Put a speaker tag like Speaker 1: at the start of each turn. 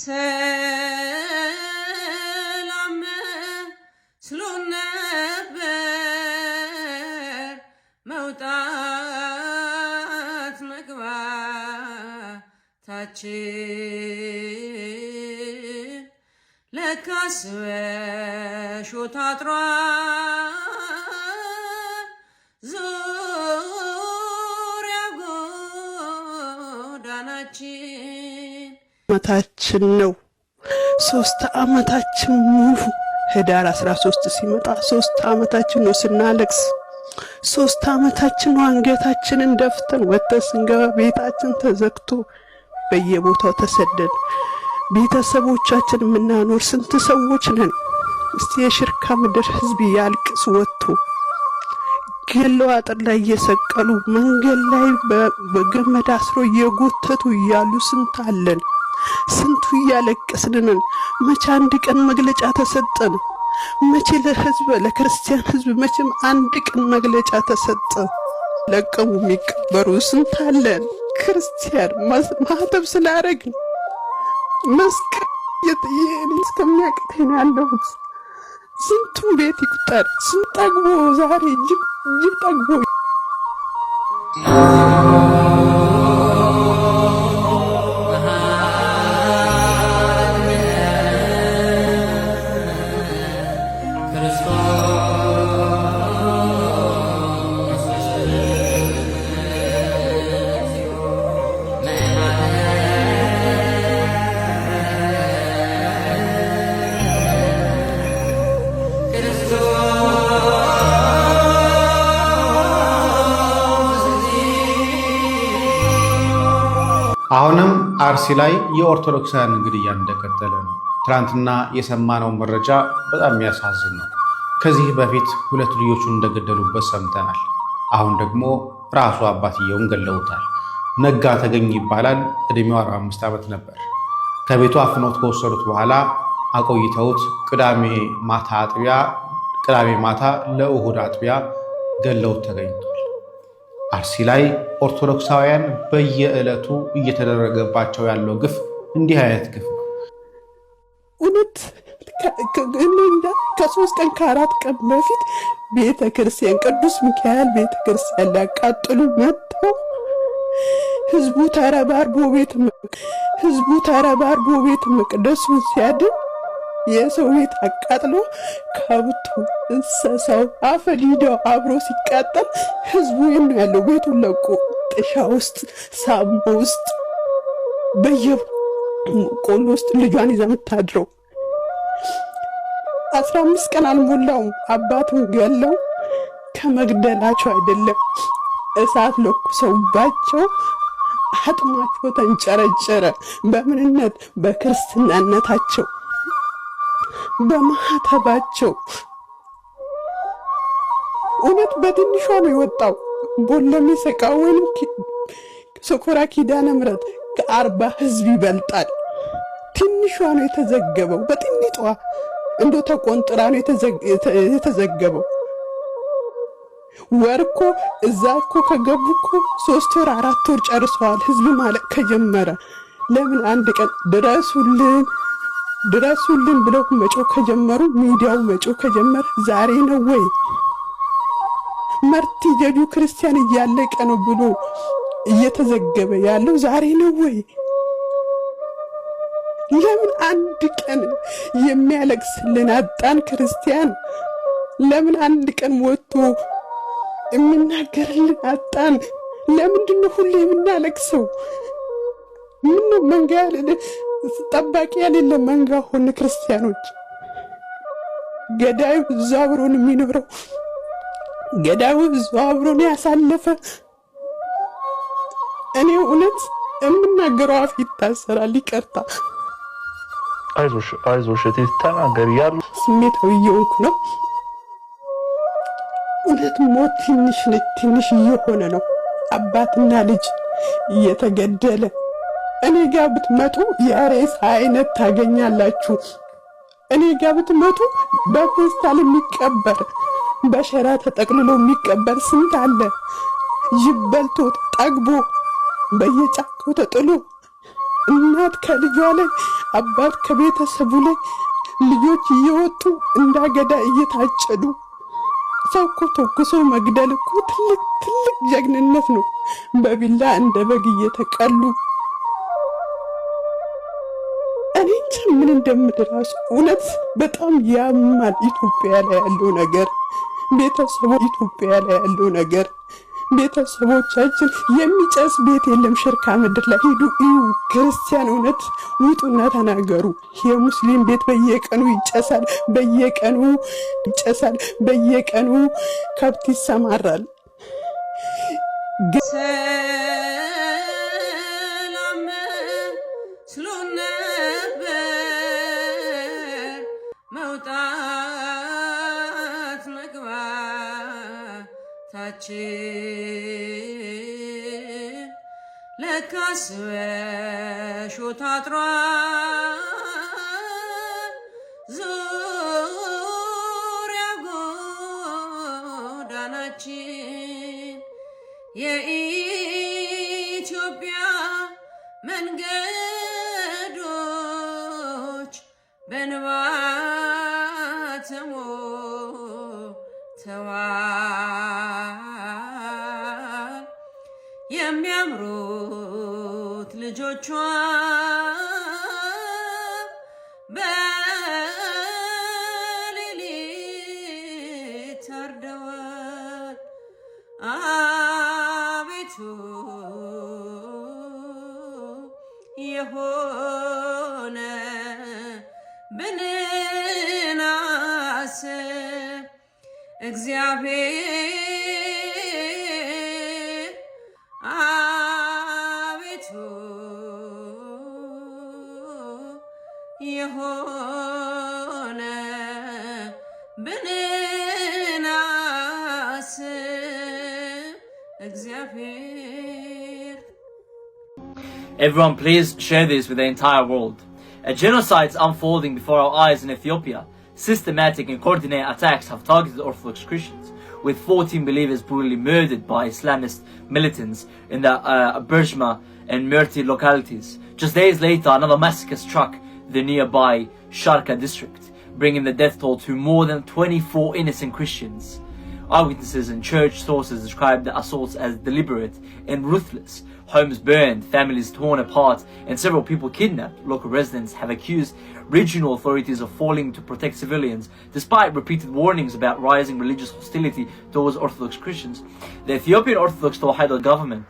Speaker 1: ሰላም መስሎ ነበር መውጣት መግባታችን ለካስ በሾህ ታጥሯል።
Speaker 2: አመታችን ነው። ሶስት አመታችን ሙሉ ህዳር 13 ሲመጣ ሶስት አመታችን ነው ስናለቅስ። ሶስት አመታችን ነው አንገታችንን ደፍተን ወጥተን ስንገባ ቤታችን ተዘግቶ በየቦታው ተሰደን ቤተሰቦቻችን የምናኖር ስንት ሰዎች ነን? እስቲ የሽርካ ምድር ህዝብ ያልቅስ ወጥቶ ገለው አጥር ላይ እየሰቀሉ መንገድ ላይ በገመድ አስሮ እየጎተቱ እያሉ ስንት አለን? ስንቱ እያለቀስንን መቼ አንድ ቀን መግለጫ ተሰጠን? መቼ ለህዝብ ለክርስቲያን ህዝብ መቼም አንድ ቀን መግለጫ ተሰጠ? ለቀሙ የሚቀበሩ ስንት አለን። ክርስቲያን ማህተብ ስላረግን መስቀል የጥየኔ እስከሚያቅተኝ ያለሁት ስንቱም ቤት ይቁጠር። ስንት ጠግቦ ዛሬ ጅብ ጠግቦ
Speaker 3: አሁንም አርሲ ላይ የኦርቶዶክሳውያን ግድያ እንደቀጠለ ነው። ትናንትና የሰማነው መረጃ በጣም የሚያሳዝን ነው። ከዚህ በፊት ሁለት ልጆቹን እንደገደሉበት ሰምተናል። አሁን ደግሞ ራሱ አባትየውን ገለውታል። ነጋ ተገኝ ይባላል። ዕድሜው 45 ዓመት ነበር። ከቤቱ አፍኖት ከወሰዱት በኋላ አቆይተውት ቅዳሜ ማታ አጥቢያ ቅዳሜ ማታ ለእሁድ አጥቢያ ገለውት ተገኝቷል። አርሲ ላይ ኦርቶዶክሳውያን በየዕለቱ እየተደረገባቸው ያለው ግፍ እንዲህ አይነት ግፍ ነው።
Speaker 2: እውነት ከሶስት ቀን ከአራት ቀን በፊት ቤተ ክርስቲያን ቅዱስ ሚካኤል ቤተ ክርስቲያን ሊያቃጥሉ መጥተው ህዝቡ ተረባርቦ ቤት ህዝቡ ተረባርቦ ቤት መቅደሱን ሲያድን የሰው ቤት አቃጥሎ ከብቱ፣ እንስሳው፣ አፈዲዳው አብሮ ሲቃጠል ህዝቡ የት ያለው? ቤቱን ለቆ ጥሻ ውስጥ ሳማ ውስጥ በየቦ ቆሎ ውስጥ ልጇን ይዘ የምታድረው አስራ አምስት ቀን አልሞላውም። አባቱን ገለው ከመግደላቸው አይደለም እሳት ለኩሰውባቸው አጥማቸው ተንጨረጨረ። በምንነት በክርስትናነታቸው በማህተባቸው እውነት በትንሿ ነው የወጣው ቦለሚ ሰቃ ወይም ሶኮራ ኪዳነ ምሕረት ከአርባ ህዝብ ይበልጣል። ትንሿ ነው የተዘገበው፣ በጥኒጧ እንዶ ተቆንጥራ ነው የተዘገበው። ወር እኮ እዛ እኮ ከገቡ እኮ ሶስት ወር አራት ወር ጨርሰዋል። ህዝብ ማለቅ ከጀመረ ለምን አንድ ቀን ድረሱልን ድረሱልን ብለው መጮ ከጀመሩ ሚዲያው መጮ ከጀመረ ዛሬ ነው ወይ መርቲ ጀጁ ክርስቲያን እያለቀ ነው ብሎ እየተዘገበ ያለው ዛሬ ነው ወይ? ለምን አንድ ቀን የሚያለቅስልን አጣን? ክርስቲያን ለምን አንድ ቀን ወጥቶ የሚናገርልን አጣን? ለምንድን ነው ሁሌ የምናለቅሰው? ምነው መንጋ ጠባቂ የሌለ መንጋ ሆነ? ክርስቲያኖች ገዳዩ ብዙ አብሮን የሚኖረው ገዳዩ ብዙ አብሮን ያሳለፈ እኔ እውነት የምናገረው አፍ ይታሰራል። ይቀርታ።
Speaker 3: አይዞሽ አይዞሽ እቴ ተናገሪ። ያሉ
Speaker 2: ስሜታዊ እየሆንኩ ነው። እውነት ሞት ትንሽ ትንሽ እየሆነ ነው። አባትና ልጅ እየተገደለ እኔ ጋር ብትመጡ የሬሳ አይነት ታገኛላችሁ። እኔ ጋር ብትመጡ በፌስታል የሚቀበር በሸራ ተጠቅልሎ የሚቀበር ስንት አለ ይበልቶት ጠግቦ በየጫካው ተጥሎ እናት ከልጇ ላይ፣ አባት ከቤተሰቡ ላይ፣ ልጆች እየወጡ እንዳገዳ እየታጨዱ ሰው እኮ ተኩሶ መግደል እኮ ትልቅ ትልቅ ጀግንነት ነው። በቢላ እንደ በግ እየተቀሉ እኔ እንጃ ምን እውነት በጣም ያማል። ኢትዮጵያ ላይ ያለው ነገር ቤተሰቡ ኢትዮጵያ ላይ ያለው ነገር ቤተሰቦቻችን የሚጨስ ቤት የለም። ሽርካ ምድር ላይ ሂዱ እዩ። ክርስቲያን እውነት ውጡና ተናገሩ። የሙስሊም ቤት በየቀኑ ይጨሳል፣ በየቀኑ ይጨሳል፣ በየቀኑ ከብት ይሰማራል። ሰላም መውጣት መግባታችን ለካስ በእሾህ ታጥሯል ዙሪያ ጎዳናችን የኢትዮጵያ መንገዶች በእንባ ተሞልተዋል።
Speaker 4: ልጆቿ በሌሊት ታርደዋል። አቤቱ የሆነ ብንናስብ እግዚአብሔር Everyone, please share this with the entire world. A genocide is unfolding before our eyes in Ethiopia. Systematic and coordinated attacks have targeted Orthodox Christians, with 14 believers brutally murdered by Islamist militants in the uh, Berjma and Merti localities. Just days later, another massacre struck the nearby Sharka district, bringing the death toll to more than 24 innocent Christians. Eyewitnesses and church sources describe the assaults as deliberate and ruthless. Homes burned, families torn apart, and several people kidnapped. Local residents have accused regional authorities of failing to protect civilians, despite repeated warnings about rising religious hostility towards Orthodox Christians. The Ethiopian Orthodox Tewahedo government